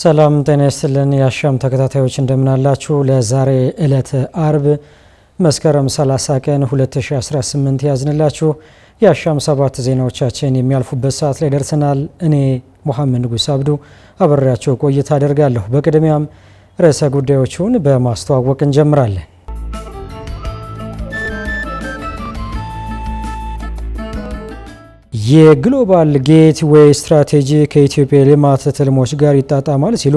ሰላም ጤና ይስጥልን። የአሻም ተከታታዮች እንደምናላችሁ። ለዛሬ ዕለት አርብ መስከረም 30 ቀን 2018 ያዝንላችሁ የአሻም ሰባት ዜናዎቻችን የሚያልፉበት ሰዓት ላይ ደርሰናል። እኔ ሙሐመድ ንጉስ አብዱ አበሬያቸው ቆይታ አደርጋለሁ። በቅድሚያም ርዕሰ ጉዳዮቹን በማስተዋወቅ እንጀምራለን። የግሎባል ጌት ጌትዌይ ስትራቴጂ ከኢትዮጵያ የልማት ትልሞች ጋር ይጣጣማል ሲሉ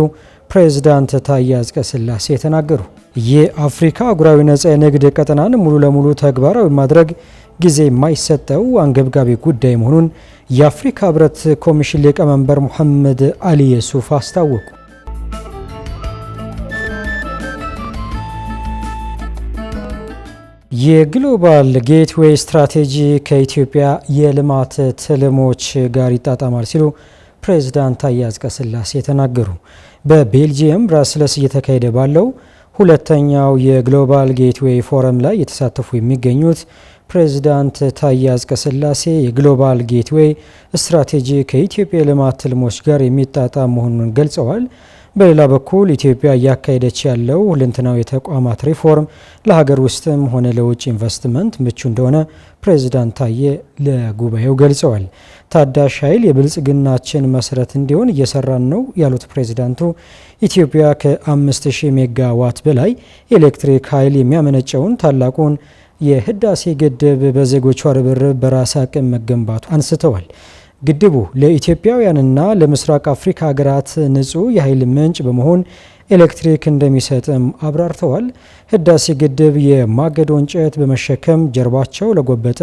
ፕሬዝዳንት ታዬ አጽቀሥላሴ ተናገሩ። የአፍሪካ አህጉራዊ ነጻ የንግድ ቀጠናን ሙሉ ለሙሉ ተግባራዊ ማድረግ ጊዜ የማይሰጠው አንገብጋቢ ጉዳይ መሆኑን የአፍሪካ ህብረት ኮሚሽን ሊቀመንበር ሙሐመድ አሊ የሱፍ አስታወቁ። የግሎባል ጌትዌይ ስትራቴጂ ከኢትዮጵያ የልማት ትልሞች ጋር ይጣጣማል ሲሉ ፕሬዚዳንት ታዬ አጽቀሥላሴ ተናገሩ። በቤልጂየም ብራስልስ እየተካሄደ ባለው ሁለተኛው የግሎባል ጌትዌይ ፎረም ላይ የተሳተፉ የሚገኙት ፕሬዚዳንት ታዬ አጽቀሥላሴ የግሎባል ጌትዌይ ስትራቴጂ ከኢትዮጵያ የልማት ትልሞች ጋር የሚጣጣም መሆኑን ገልጸዋል። በሌላ በኩል ኢትዮጵያ እያካሄደች ያለው ሁለንተናዊ የተቋማት ሪፎርም ለሀገር ውስጥም ሆነ ለውጭ ኢንቨስትመንት ምቹ እንደሆነ ፕሬዚዳንት ታዬ ለጉባኤው ገልጸዋል። ታዳሽ ኃይል የብልጽግናችን መሰረት እንዲሆን እየሰራን ነው ያሉት ፕሬዚዳንቱ ኢትዮጵያ ከ5000 ሜጋ ዋት በላይ ኤሌክትሪክ ኃይል የሚያመነጨውን ታላቁን የህዳሴ ግድብ በዜጎቿ ርብርብ በራስ አቅም መገንባቱ አንስተዋል። ግድቡ ለኢትዮጵያውያንና ለምስራቅ አፍሪካ ሀገራት ንጹህ የኃይል ምንጭ በመሆን ኤሌክትሪክ እንደሚሰጥም አብራርተዋል። ህዳሴ ግድብ የማገዶ እንጨት በመሸከም ጀርባቸው ለጎበጠ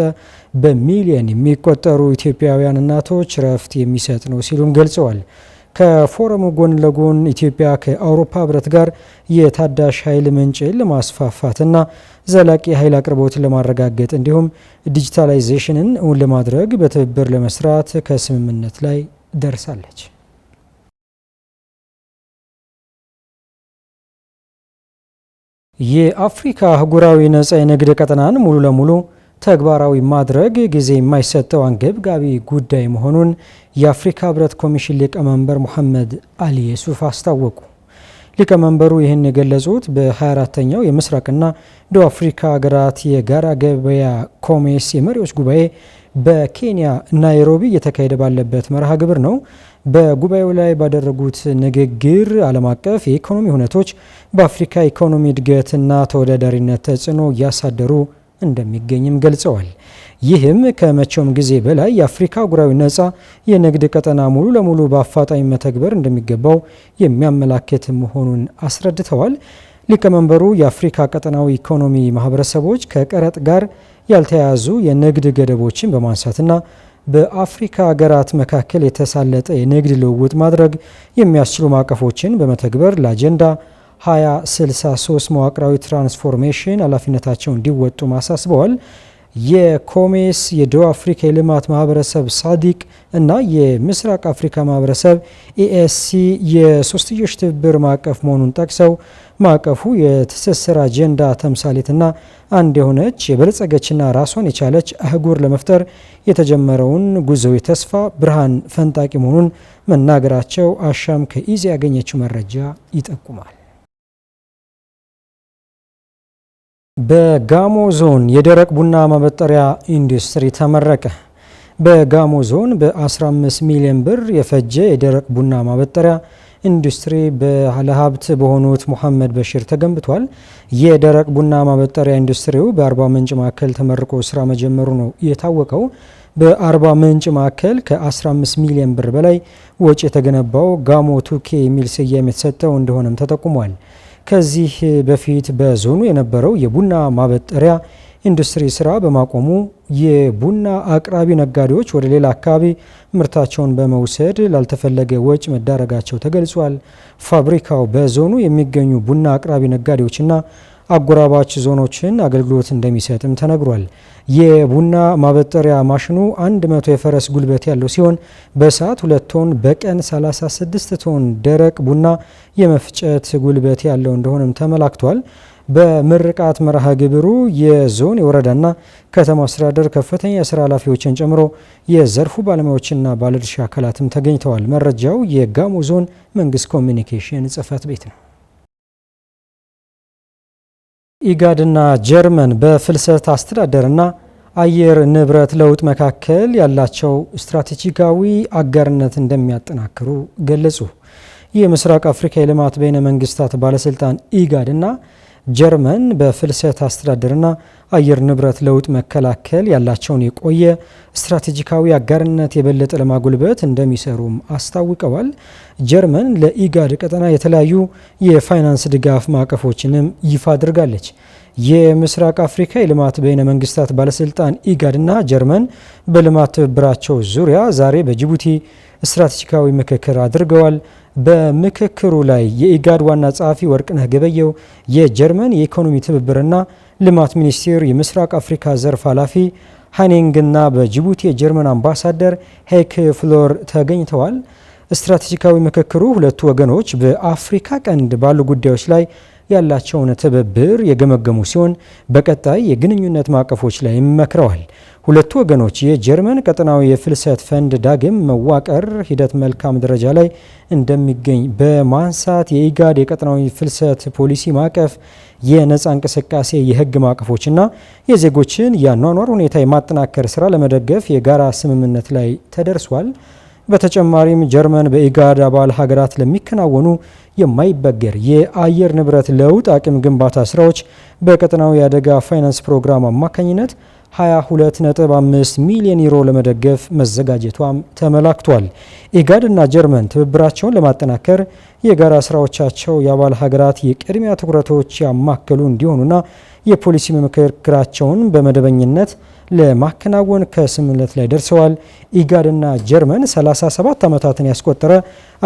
በሚሊየን የሚቆጠሩ ኢትዮጵያውያን እናቶች ረፍት የሚሰጥ ነው ሲሉም ገልጸዋል። ከፎረሙ ጎን ለጎን ኢትዮጵያ ከአውሮፓ ህብረት ጋር የታዳሽ ኃይል ምንጭን ለማስፋፋትና ዘላቂ ኃይል አቅርቦትን ለማረጋገጥ እንዲሁም ዲጂታላይዜሽንን እውን ለማድረግ በትብብር ለመስራት ከስምምነት ላይ ደርሳለች። የአፍሪካ አህጉራዊ ነጻ የንግድ ቀጠናን ሙሉ ለሙሉ ተግባራዊ ማድረግ ጊዜ የማይሰጠው አንገብጋቢ ጉዳይ መሆኑን የአፍሪካ ህብረት ኮሚሽን ሊቀመንበር ሙሐመድ አሊ የሱፍ አስታወቁ። ሊቀመንበሩ ይህን የገለጹት በ24ተኛው የምስራቅና ደቡብ አፍሪካ ሀገራት የጋራ ገበያ ኮሜስ የመሪዎች ጉባኤ በኬንያ ናይሮቢ እየተካሄደ ባለበት መርሃ ግብር ነው። በጉባኤው ላይ ባደረጉት ንግግር ዓለም አቀፍ የኢኮኖሚ ሁነቶች በአፍሪካ ኢኮኖሚ እድገትና ተወዳዳሪነት ተጽዕኖ እያሳደሩ እንደሚገኝም ገልጸዋል። ይህም ከመቼውም ጊዜ በላይ የአፍሪካ አህጉራዊ ነጻ የንግድ ቀጠና ሙሉ ለሙሉ በአፋጣኝ መተግበር እንደሚገባው የሚያመላክት መሆኑን አስረድተዋል። ሊቀመንበሩ የአፍሪካ ቀጠናዊ ኢኮኖሚ ማህበረሰቦች ከቀረጥ ጋር ያልተያያዙ የንግድ ገደቦችን በማንሳትና በአፍሪካ ሀገራት መካከል የተሳለጠ የንግድ ልውውጥ ማድረግ የሚያስችሉ ማዕቀፎችን በመተግበር ለአጀንዳ 2063 መዋቅራዊ ትራንስፎርሜሽን ኃላፊነታቸውን እንዲወጡ ማሳስበዋል። የኮሜስ የደቡብ አፍሪካ የልማት ማህበረሰብ ሳዲቅ እና የምስራቅ አፍሪካ ማህበረሰብ ኢኤስሲ የሶስትዮሽ ትብብር ማዕቀፍ መሆኑን ጠቅሰው ማዕቀፉ የትስስር አጀንዳ ተምሳሌትና አንድ የሆነች የበለጸገችና ራሷን የቻለች አህጉር ለመፍጠር የተጀመረውን ጉዞ የተስፋ ብርሃን ፈንጣቂ መሆኑን መናገራቸው አሻም ከኢዜአ ያገኘችው መረጃ ይጠቁማል። በጋሞ ዞን የደረቅ ቡና ማበጠሪያ ኢንዱስትሪ ተመረቀ። በጋሞ ዞን በ15 ሚሊዮን ብር የፈጀ የደረቅ ቡና ማበጠሪያ ኢንዱስትሪ ባለሀብት በሆኑት ሙሐመድ በሽር ተገንብቷል። የደረቅ ቡና ማበጠሪያ ኢንዱስትሪው በአርባ ምንጭ ማዕከል ተመርቆ ስራ መጀመሩ ነው የታወቀው። በአርባ ምንጭ ማዕከል ከ15 ሚሊዮን ብር በላይ ወጪ የተገነባው ጋሞ ቱኬ የሚል ስያሜ የተሰጠው እንደሆነም ተጠቁሟል። ከዚህ በፊት በዞኑ የነበረው የቡና ማበጠሪያ ኢንዱስትሪ ስራ በማቆሙ የቡና አቅራቢ ነጋዴዎች ወደ ሌላ አካባቢ ምርታቸውን በመውሰድ ላልተፈለገ ወጪ መዳረጋቸው ተገልጿል። ፋብሪካው በዞኑ የሚገኙ ቡና አቅራቢ ነጋዴዎችና አጎራባች ዞኖችን አገልግሎት እንደሚሰጥም ተነግሯል። የቡና ማበጠሪያ ማሽኑ 100 የፈረስ ጉልበት ያለው ሲሆን በሰዓት 2 ቶን በቀን 36 ቶን ደረቅ ቡና የመፍጨት ጉልበት ያለው እንደሆነም ተመላክቷል። በምርቃት መርሃ ግብሩ የዞን የወረዳና ከተማ አስተዳደር ከፍተኛ የስራ ኃላፊዎችን ጨምሮ የዘርፉ ባለሙያዎችና ባለድርሻ አካላትም ተገኝተዋል። መረጃው የጋሞ ዞን መንግስት ኮሚኒኬሽን ጽህፈት ቤት ነው። ኢጋድና ጀርመን በፍልሰት አስተዳደርና አየር ንብረት ለውጥ መካከል ያላቸው ስትራቴጂካዊ አጋርነት እንደሚያጠናክሩ ገለጹ። የምስራቅ አፍሪካ የልማት በይነ መንግስታት ባለስልጣን ኢጋድና ጀርመን በፍልሰት አስተዳደርና አየር ንብረት ለውጥ መከላከል ያላቸውን የቆየ ስትራቴጂካዊ አጋርነት የበለጠ ለማጎልበት እንደሚሰሩም አስታውቀዋል። ጀርመን ለኢጋድ ቀጠና የተለያዩ የፋይናንስ ድጋፍ ማዕቀፎችንም ይፋ አድርጋለች። የምስራቅ አፍሪካ የልማት በይነ መንግስታት ባለስልጣን ኢጋድና ጀርመን በልማት ትብብራቸው ዙሪያ ዛሬ በጅቡቲ ስትራቴጂካዊ ምክክር አድርገዋል። በምክክሩ ላይ የኢጋድ ዋና ጸሐፊ ወርቅነህ ገበየው፣ የጀርመን የኢኮኖሚ ትብብርና ልማት ሚኒስቴር የምስራቅ አፍሪካ ዘርፍ ኃላፊ ሃኒንግና በጅቡቲ የጀርመን አምባሳደር ሄክ ፍሎር ተገኝተዋል። ስትራቴጂካዊ ምክክሩ ሁለቱ ወገኖች በአፍሪካ ቀንድ ባሉ ጉዳዮች ላይ ያላቸውን ትብብር የገመገሙ ሲሆን በቀጣይ የግንኙነት ማዕቀፎች ላይ መክረዋል። ሁለቱ ወገኖች የጀርመን ቀጠናዊ የፍልሰት ፈንድ ዳግም መዋቀር ሂደት መልካም ደረጃ ላይ እንደሚገኝ በማንሳት የኢጋድ የቀጠናዊ ፍልሰት ፖሊሲ ማዕቀፍ የነፃ እንቅስቃሴ የህግ ማዕቀፎችና የዜጎችን የአኗኗር ሁኔታ የማጠናከር ስራ ለመደገፍ የጋራ ስምምነት ላይ ተደርሷል። በተጨማሪም ጀርመን በኢጋድ አባል ሀገራት ለሚከናወኑ የማይበገር የአየር ንብረት ለውጥ አቅም ግንባታ ስራዎች በቀጠናው የአደጋ ፋይናንስ ፕሮግራም አማካኝነት 22.5 ሚሊዮን ዩሮ ለመደገፍ መዘጋጀቷም ተመላክቷል። ኢጋድ እና ጀርመን ትብብራቸውን ለማጠናከር የጋራ ስራዎቻቸው የአባል ሀገራት የቅድሚያ ትኩረቶች ያማከሉ እንዲሆኑና የፖሊሲ ምክክራቸውን በመደበኝነት ለማከናወን ከስምምነት ላይ ደርሰዋል። ኢጋድና ጀርመን 37 ዓመታትን ያስቆጠረ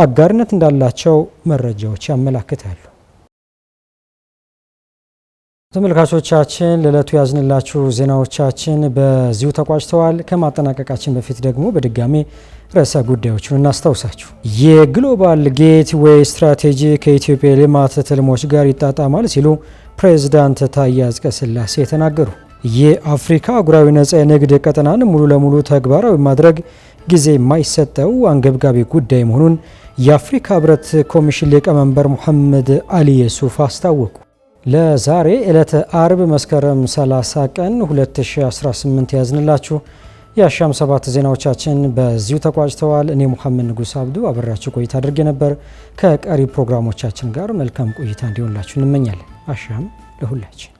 አጋርነት እንዳላቸው መረጃዎች ያመላክታሉ። ተመልካቾቻችን ለዕለቱ ያዝንላችሁ ዜናዎቻችን በዚሁ ተቋጭተዋል። ከማጠናቀቃችን በፊት ደግሞ በድጋሜ ርዕሰ ጉዳዮችን እናስታውሳችሁ። የግሎባል ጌት ዌይ ስትራቴጂ ከኢትዮጵያ ልማት ትልሞች ጋር ይጣጣማል ሲሉ ፕሬዝዳንት ታዬ አጽቀሥላሴ ተናገሩ። የአፍሪካ አህጉራዊ ነጻ የንግድ ቀጠናን ሙሉ ለሙሉ ተግባራዊ ማድረግ ጊዜ የማይሰጠው አንገብጋቢ ጉዳይ መሆኑን የአፍሪካ ህብረት ኮሚሽን ሊቀመንበር ሙሐመድ አሊ የሱፍ አስታወቁ። ለዛሬ ዕለተ አርብ መስከረም 30 ቀን 2018 ያዝንላችሁ የአሻም ሰባት ዜናዎቻችን በዚሁ ተቋጭተዋል። እኔ ሙሐመድ ንጉስ አብዱ አበራችሁ ቆይታ አድርጌ ነበር። ከቀሪ ፕሮግራሞቻችን ጋር መልካም ቆይታ እንዲሆንላችሁ እንመኛለን። አሻም ለሁላችን